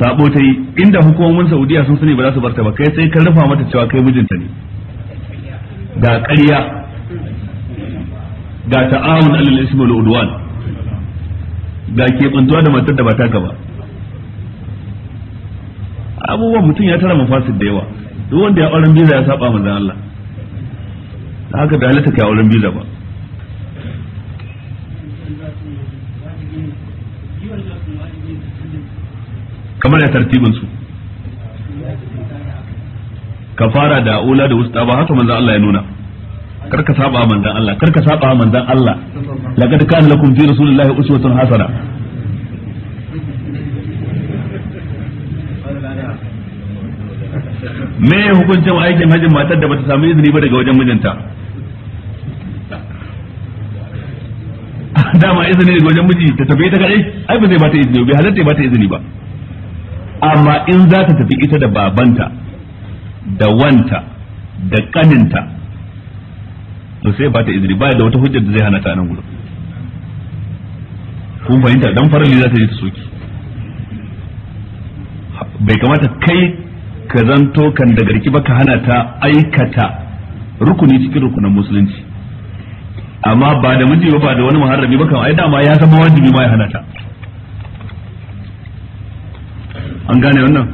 sabo tai inda hukumomin Saudiya sun sani ba za su barta ba kai sai ka rufa mata cewa kai mijinta ne ga ƙarya ga ta'awun alal ismi wal udwan ga kebantuwa da matar da ba ta gaba abubuwan mutum ya tara mafasid da yawa duk wanda ya auren biza ya saba manzon Allah haka da halitta kai auren biza ba kamar ya tartibin su ka fara da ula da wusta ba haka manzan Allah ya nuna kar ka saba manzan Allah kar ka saba manzan Allah laqad kana lakum fi rasulillahi uswatun hasana me hukuncin aikin hajjin matar da bata samu izini ba daga wajen mijinta *laughs* dama izini daga wajen miji ta tafi ta kadai ai ba zai bata izini ba halatta bata izini ba amma in za ta tafi ita da babanta da wanta da kaninta to sai bata izini ba da wata hujjar da zai hana ta nan gudu kun fahimta dan farali za ta yi ta soki bai kamata kai ka zanto kan da garki ba ka hana ta aikata rukuni cikin rukunan musulunci amma ba da miji ba da wani muharrami ba kan ai dama ya zama wajibi ma ya hana ta an gane wannan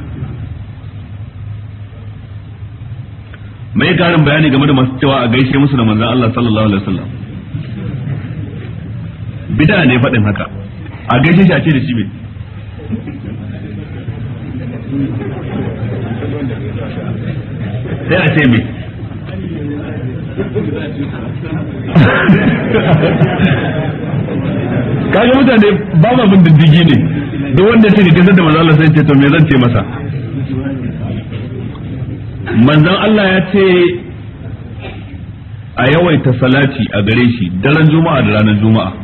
mai karin bayani game da masu cewa a gaishe musu da manzon Allah sallallahu alaihi wasallam bid'a ne faɗin haka a gaishe shi a ce da shi me sai a ce me kaga mutane ba ma bin diddigi ne duk wanda ya ce ga da manzo Allah sai ce to me zan ce masa manzon Allah ya ce a yawaita salati a gare shi daren juma'a da ranar juma'a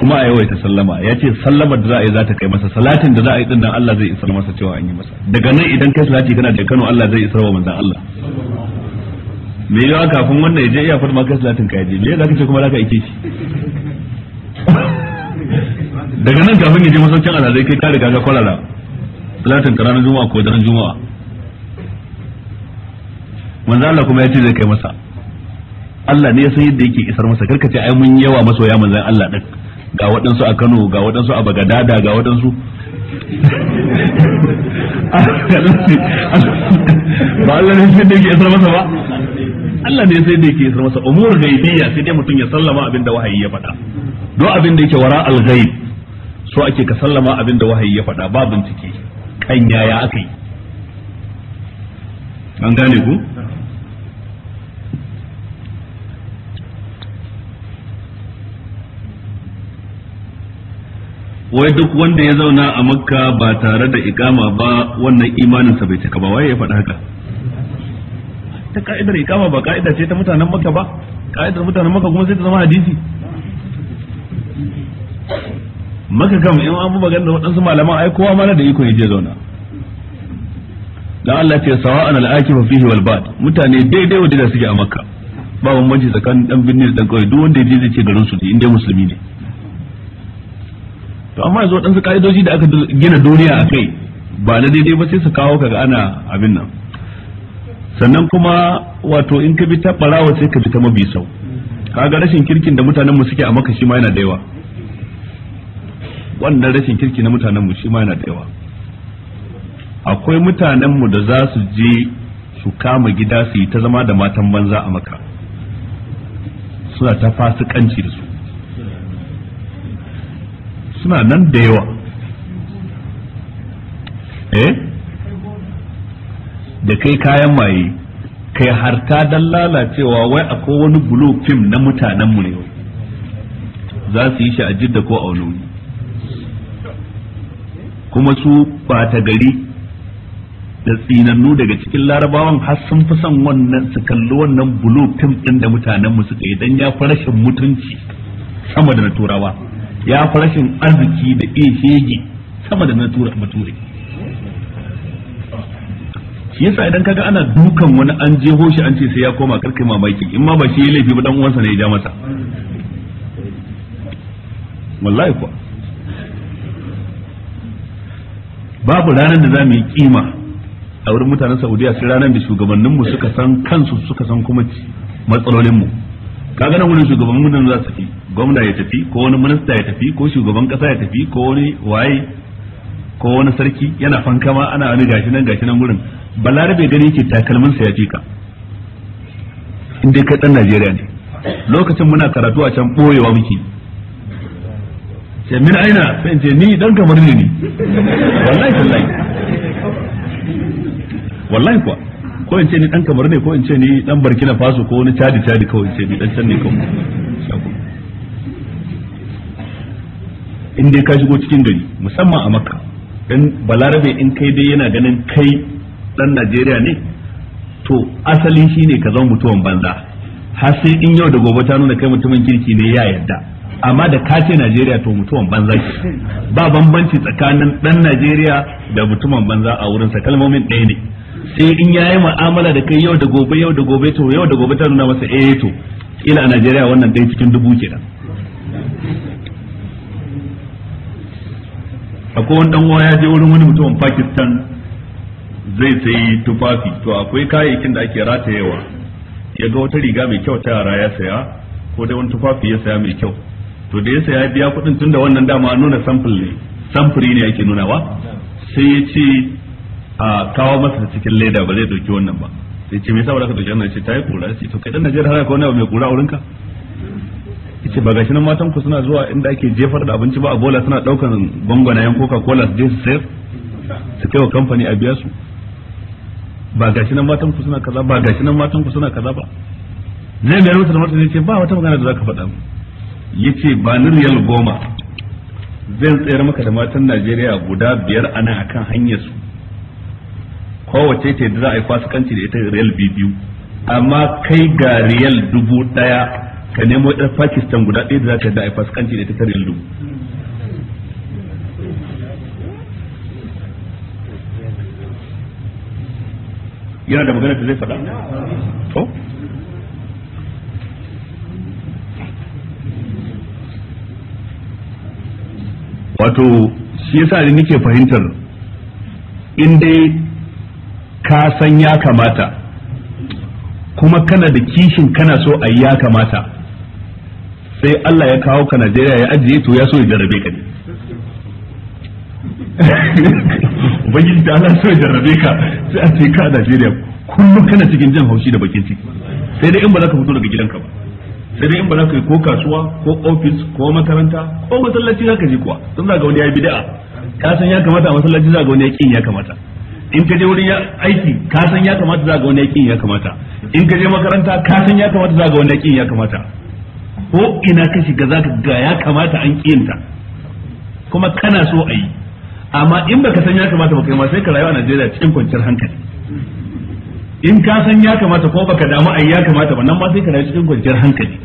kuma a yawaita sallama ya ce sallamar da za a yi za ta kai masa salatin da za a yi din Allah zai isar masa cewa an yi masa daga nan idan kai salati kana da Kano Allah zai isar wa manzan Allah me yawa kafin wannan je iya fadma kai salatin ka yaje me zaka ce kuma ka ike shi daga nan kafin yaje masaukin Allah zai kai ka riga ka kwalara salatin ka ranar juma'a ko daren juma'a manzan Allah kuma ya ce zai kai masa Allah ne ya san yadda yake isar masa karkace ai mun yawa masoya manzan Allah din ga waɗansu a Kano ga waɗansu a Bagadada ga waɗansu ba Allah ne sai da yake isar masa ba Allah ne sai da yake isar masa umur ghaibiyya sai dai mutum ya sallama abin da wahayi ya faɗa do abin da yake wara al-ghaib so ake ka sallama abin da wahayi ya faɗa ba bincike kan yaya akai an gane ku wai duk wanda ya zauna a makka ba tare da ikama ba wannan imaninsa bai cika ba waye ya faɗi haka ta ka'idar ikama ba ka'ida ce ta mutanen makka ba ka'idar mutanen makka kuma sai ta zama hadisi maka kam in an buga da waɗansu malaman ai kowa mana da iko yaje zauna dan Allah ce sawa'an al-akifu fihi wal bad mutane daidai wanda suke a makka ba bambanci tsakanin dan binne da dan kauye duk wanda yaje zai ce garin su ne inda musulmi ne to amma yanzu waɗansu ka'idoji da aka gina duniya a kai ba na daidai ba sai su kawo kaga ana abin nan sannan kuma wato in ka bi ta ɓarawa sai ka bi ta mabi sau kaga rashin kirkin da mutanen mu suke a maka shi ma yana da yawa wannan rashin kirki na mutanen mu shi ma yana da yawa akwai mutanen mu da za su je su kama gida su yi ta zama da matan banza a maka suna ta fasikanci da su suna nan da yawa eh da kai kayan maye kai harta dan lalacewa wai akwai wani blue film na mutanen mu ne za su yi shi a jidda ko a wani kuma su bata gari da tsinannu daga cikin larabawan har sun fi son wannan su kalli wannan blue film din da mutanen mu suka yi dan ya fi rashin mutunci sama da na turawa ya fi rashin arziki da iya shege sama da na tura bature shi yasa idan kaga ana dukan wani an je shi an ce sai ya koma karkai mamaki in ma ba shi ya laifi ba dan uwansa ne ya ja masa wallahi kuwa babu ranar da za mu yi kima a wurin mutanen saudiya sai ranar da shugabanninmu suka san kansu suka san kuma matsalolinmu Ka nan wurin shugaban mudan za su fi. gwamna ya tafi ko wani minista ya tafi ko shugaban kasa ya tafi ko wani waye ko wani sarki yana fankama ana wani gashi nan gashi nan gurin balarabe gani yake takalmin sa ya fika inda kai dan Najeriya ne lokacin muna karatu a can boyewa muke ce min aina sai ce ni dan kamar ne ni *laughs* wallahi wallahi wallahi kuwa ko in ce ni dan kamar ne ko in ce ni dan burkina faso ko wani chadi chadi kawai in ce ni dan can ne kawai in dai ka shigo cikin gari musamman a makka dan balarabe in kai dai yana ganin kai dan najeriya ne to asalin ne ka zama mutuwan banza har sai in yau da gobe ta nuna kai mutumin kirki ne ya yadda. amma da ka ce najeriya to mutuwan banza ba bambanci tsakanin dan najeriya da mutumin banza a wurinsa kalmomin ɗaya ne sai in yayi mu'amala da kai yau da gobe yau da gobe to yau da gobe ta nuna masa eh to Ina a Najeriya wannan dai cikin dubu kenan akwai wani dan ya je wurin wani mutumin Pakistan zai sayi tufafi to akwai kayayyakin da ake ratayewa ya ga wata riga mai kyau ta yara ya saya ko dai wani tufafi ya saya mai kyau to da ya saya biya kuɗin tunda wannan dama nuna samfuri ne samfuri ne ake nunawa sai ya ce a kawo masa cikin leda ba zai dauki wannan ba sai ce me yasa ba ka dauki wannan sai ta yi kura sai to kai dan Najeriya har ka wani mai kura a wurinka yace ba gashi nan matan ku suna zuwa inda ake jefar da abinci ba a bola suna daukan gongonayen coca cola su je su sayar su kai wa kamfani a biya su ba gashi nan matan ku suna kaza ba gashi nan matan ku suna kaza ba zai mai rubuta da martani ce ba wata magana da zaka faɗa yace ba ni riyal goma zan tsayar maka da matan Najeriya guda biyar a nan akan hanyar su kowace ce da za a yi fasikanci da ita real biyu amma kai ga real dubu daya ka nemo ɗan pakistan guda ɗaya da za ka da a yi fasikanci da ita ta real dubu yana da magana da zai faɗa to wato shi yasa ni nake fahimtar in dai ka san ya kamata kuma kana da kishin kana so a ya kamata sai Allah ya kawo ka Najeriya ya ajiye to ya so ya jarrabe ka ne ubangiji da Allah so ya jarrabe ka sai a ce ka a Najeriya kullum kana cikin jan haushi da bakin ciki sai dai in ba za ka fito daga gidanka ba sai dai in ba za ka yi ko kasuwa ko ofis ko makaranta ko masallaci za ka je kuwa sun za ga wani ya yi bid'a ka san ya kamata a masallaci za ga wani ya kin ya kamata in ka je wurin aiki ka san ya kamata za ga wani yakin ya kamata in ka je makaranta ka san ya kamata za ga wani yakin ya kamata ko ina ka shiga za ka ga ya kamata an kiyanta kuma kana so a yi amma in baka san ya kamata ba kai ma sai ka rayuwa a Najeriya cikin kwanciyar hankali in ka san ya kamata ko baka damu a yi ya kamata ba nan ma sai ka rayu cikin kwanciyar hankali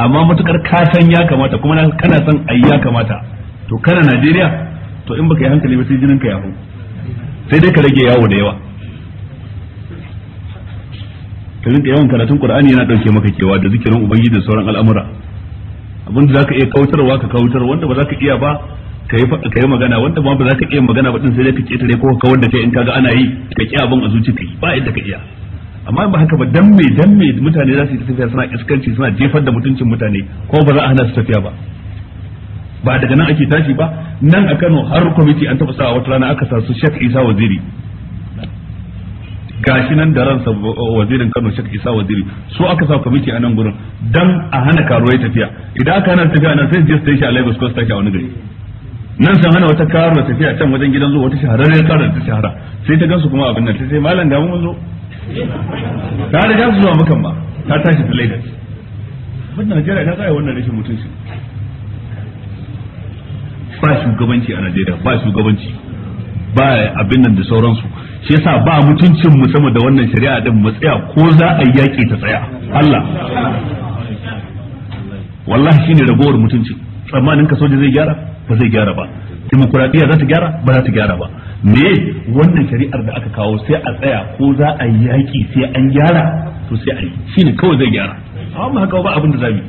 amma matukar ka san ya kamata kuma kana san a yi ya kamata to kana Najeriya to in baka yi hankali ba sai jinin ka ya hau sai dai ka rage yawo da yawa ka rinka yawan karatun qur'ani yana dauke maka kewa da zikirin ubangiji da sauran al'amura abinda zaka iya kautarwa ka kautar wanda ba zaka iya ba ka yi ka yi magana wanda ba ba zaka iya magana ba din sai dai ka tare ko ka wanda kai in kaga ana yi ka ki abin a zuciyarka ba yadda ka iya amma ba haka ba dan me dan me mutane za su yi tafiya suna iskanci suna jefar da mutuncin mutane ko ba za a hana su tafiya ba ba daga nan ake tashi ba nan a Kano har kwamiti an taɓa sa wata rana aka sa su Sheikh Isa Waziri gashi nan da ransa wazirin Kano Sheikh Isa Waziri su aka sa kwamiti a nan gurin dan a hana karuwai tafiya idan aka hana tafiya nan sai je station a Lagos ko su a wani gari nan sun hana wata karuwa tafiya can wajen gidan zuwa wata shahararren karuwa ta shahara sai ta gansu kuma abin nan sai malam ga mun zo ta riga su zuwa mukan ba ta tashi ta Lagos wannan Najeriya ta tsaya wannan rashin mutunci ba shugabanci a Najeriya ba shugabanci ba abin nan da sauransu shi yasa ba mutuncin mu sama da wannan shari'a din mu tsaya ko za a yaki ta tsaya Allah wallahi shine ragowar mutunci tsammanin ka soja zai gyara ba zai gyara ba demokradiya za ta gyara ba za ta gyara ba me wannan shari'ar da aka kawo sai a tsaya ko za a yaki sai an gyara to sai a yi shine kawai zai gyara amma haka ba abin da zamu yi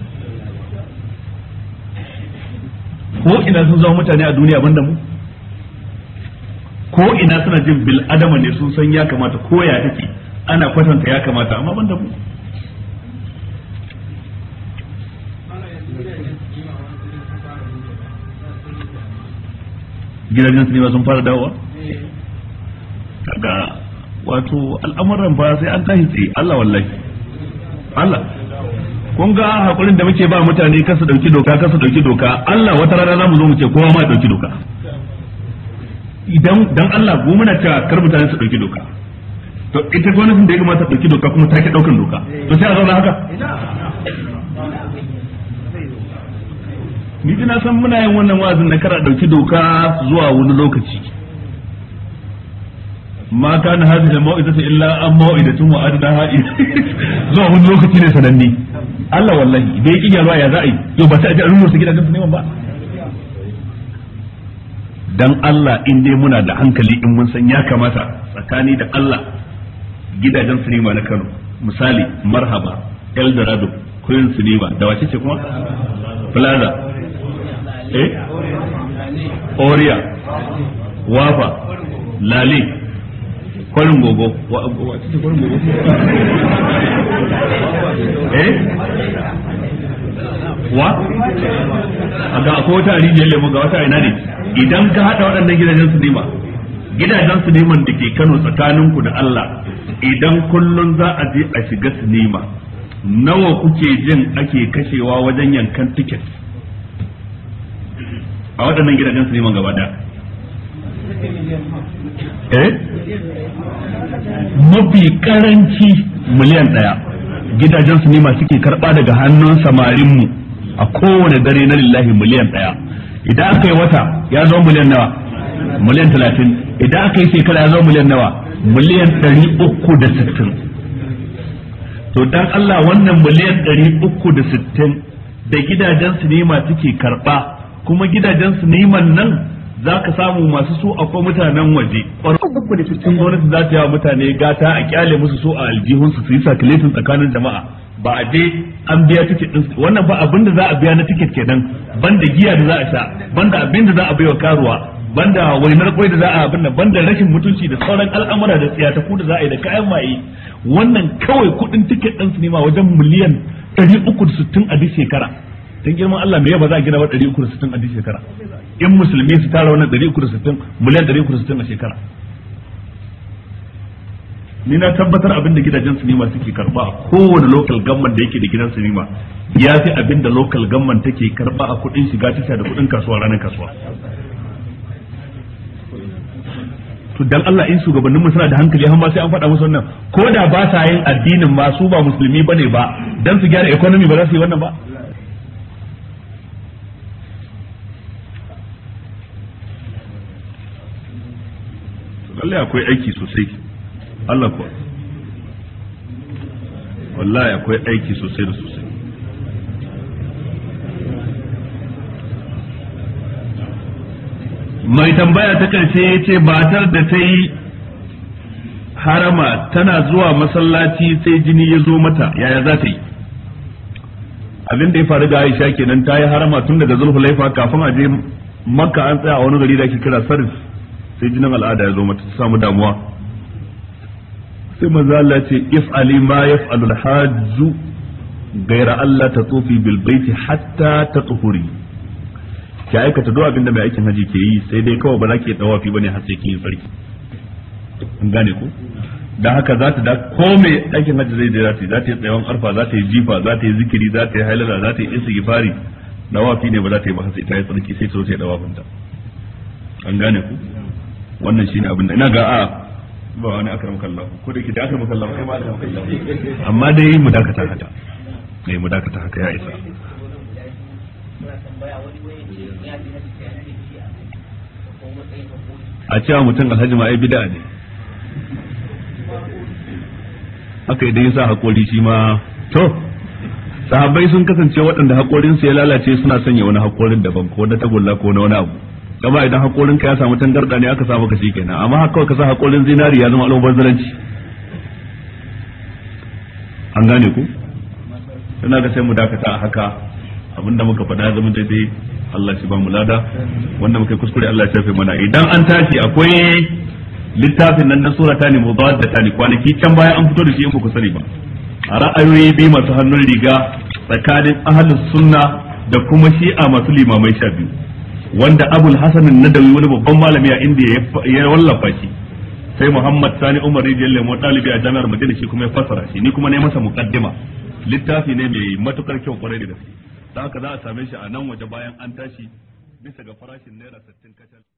ko ina sun zama mutane a duniya banda mu ko ina suna jin bil adama ne sun san ya kamata ko ya take ana kwatanta ya kamata amma banda mu gidajen sinima sun fara dawowa kaga wato al'amuran ba sai an tashi tsaye Allah wallahi Allah kun ga hakurin da muke ba mutane kar su dauki doka kar su dauki doka Allah wata rana mu zo mu ce kowa ma dauki doka idan dan Allah go muna cewa kar mutane su dauki doka to ita gwamnatin da ya kamata dauki doka kuma ta ke daukan doka to sai a zauna haka ni na san muna yin wannan wazin na kara dauki doka zuwa wani lokaci Mata na hadhihi al-mau'izatu illa an mau'idatun wa adadaha zuwa wani lokaci ne sananne Allah wallahi da yake gyaruwa aya, za a yi yau ba ta aje an rusa gidajen neman ba dan Allah in dai muna da hankali in mun san ya kamata tsakani da Allah gidajen sinima na Kano misali Marhaba El Dorado Queen da wace ce kuma Plaza eh Wafa Lali kwarin gogo wa cikin kwarin gogo eh wa ga akwai wata arijiyar lemo ga wata ina ne idan ka hada waɗannan gidajen su nema gidajen su neman da ke Kano tsakaninku da Allah idan kullun za a je a shiga su nema nawa kuke jin ake kashewa wajen yankan tiket a waɗannan gidajen su neman gaba daya eh mafi karanci miliyan ɗaya gidajen su nema suke karɓa daga hannun samarinmu a kowane dare na lillahi miliyan ɗaya idan aka yi wata ya zo miliyan nawa miliyan talatin idan aka yi shekara ya zo miliyan nawa miliyan ɗari uku da sittin to dan Allah wannan miliyan ɗari uku da sittin da gidajen sinima suke karɓa kuma gidajen siniman nan za ka samu masu su akwai mutanen waje da gwamnati gwamnati za ta yawa mutane gata a kyale musu su a aljihunsu su yi sakiletin tsakanin jama'a ba a je an biya tiket din wannan ba abin da za a biya na tiket kenan banda giya da za a sha banda abin da za a baiwa karuwa banda wainar kwai da za a abin ban banda rashin mutunci da sauran al'amura da tsiyata ku da za a yi da kayan maye wannan kawai kuɗin tiket ɗin din ma wajen miliyan 360 a duk shekara dan girman Allah me ya ba za a gina ba 360 a shekara in musulmi su tara wannan 360 miliyan 360 a shekara ni na tabbatar abin da gidajen sinima suke karba a kowane local government da yake da gidan sinima ya fi abin da local government take karba a kudin shiga tasha da kudin kasuwa ranar kasuwa to dan Allah in shugabannin mu suna da hankali amma sai an faɗa musu wannan ko da ba sa yin addinin ma su ba musulmi bane ba dan su gyara economy ba za su yi wannan ba Allah akwai aiki sosai Allah kuwa wallahi akwai aiki sosai da sosai mai tambaya ta karshe ya ce batar da ta yi harama tana zuwa masallaci sai jini ya zo mata yaya za ta yi abin da ya faru ga aisha kenan ta yi harama tun daga laifa kafin a je makka an tsaya a wani gari da ake kira saris sai jinin al'ada ya zo mata ta samu damuwa sai manzo Allah ce if'ali ma yaf'alul hajju gaira Allah ta tsofi bil baiti hatta ta tsuhuri ki aikata duk abinda da mai aikin haji ke yi sai dai kawai ba za ki dawafi bane har sai kin yi sarki an gane ko da haka za ta da komai aikin haji zai da za ta yi tsayawan arfa za ta yi jifa za ta yi zikiri za ta yi halala za ta yi istighfari dawafi ne ba za ta yi ba sai ta yi tsarki sai ta zo ta yi dawafin ta an gane ku wannan shine abin da ina ga a ba wani akram kallahu ko da ke da akram kallahu kai ma akram kallahu amma dai mu dakata haka dai mu dakata haka ya isa a cewa mutum alhaji ma ai bid'a ne haka idan yasa haƙori shi ma to sahabbai sun kasance waɗanda haƙorinsu ya lalace suna sanya wani haƙorin daban ko na tagulla ko na wani abu kama idan hakorin ka ya samu tangarda ne aka sa maka na amma haka ka sa hakorin zinari ya zama almubazzaranci an gane ku yana ga sai mu dakata a haka abinda muka faɗa ya zama daidai Allah shi ba mu lada wanda muka kuskure Allah ya shafe mana idan an tashi akwai littafin nan na ta ne da ta ne kwanaki can baya an fito da shi in ku sani ba a ra'ayoyi biyu masu hannun riga tsakanin ahalin sunna da kuma shi'a masu limamai sha biyu wanda abul hasan nadawi wani babban malami a indiya ya wallafa shi sai muhammad sani umar rijiyar lemo ɗalibi a jami'ar madina shi kuma ya fassara shi ni kuma ne masa mukaddima littafi ne mai matukar kyau kwarai da gaske da haka za a same shi a nan waje bayan an tashi bisa ga farashin naira 60 kacal